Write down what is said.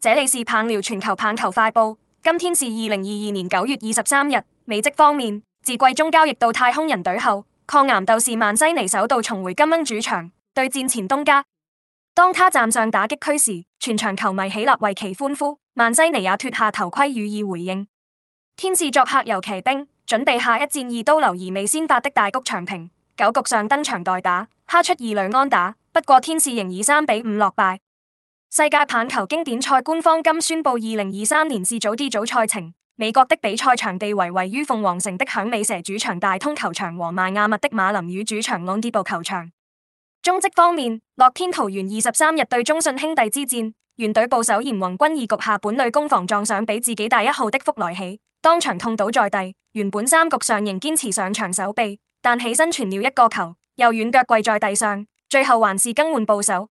這裡是棒聊全球棒球快報，今天是二零二二年九月二十三日。美職方面，自季中交易到太空人隊後，抗癌鬥士曼西尼首度重回金鶯主場對戰前東家。當他站上打擊區時，全場球迷起立為其歡呼，曼西尼也脫下頭盔予以回應。天使作客遊騎兵準備下一戰二刀流而未先發的大谷翔平九局上登場代打，哈出二壘安打，不過天使仍以三比五落敗。世界棒球經典賽官方今宣布，二零二三年是早啲早賽程。美國的比賽場地為位於鳳凰城的響尾蛇主場大通球場和邁阿密的馬林魚主場朗迪布球場。中職方面，樂天桃園二十三日對中信兄弟之戰，原隊捕手嚴宏鈞二局下本壘攻防撞上比自己大一號的福來喜，當場痛倒在地。原本三局上仍堅持上場守備，但起身傳了一個球，又軟腳跪在地上，最後還是更換捕手。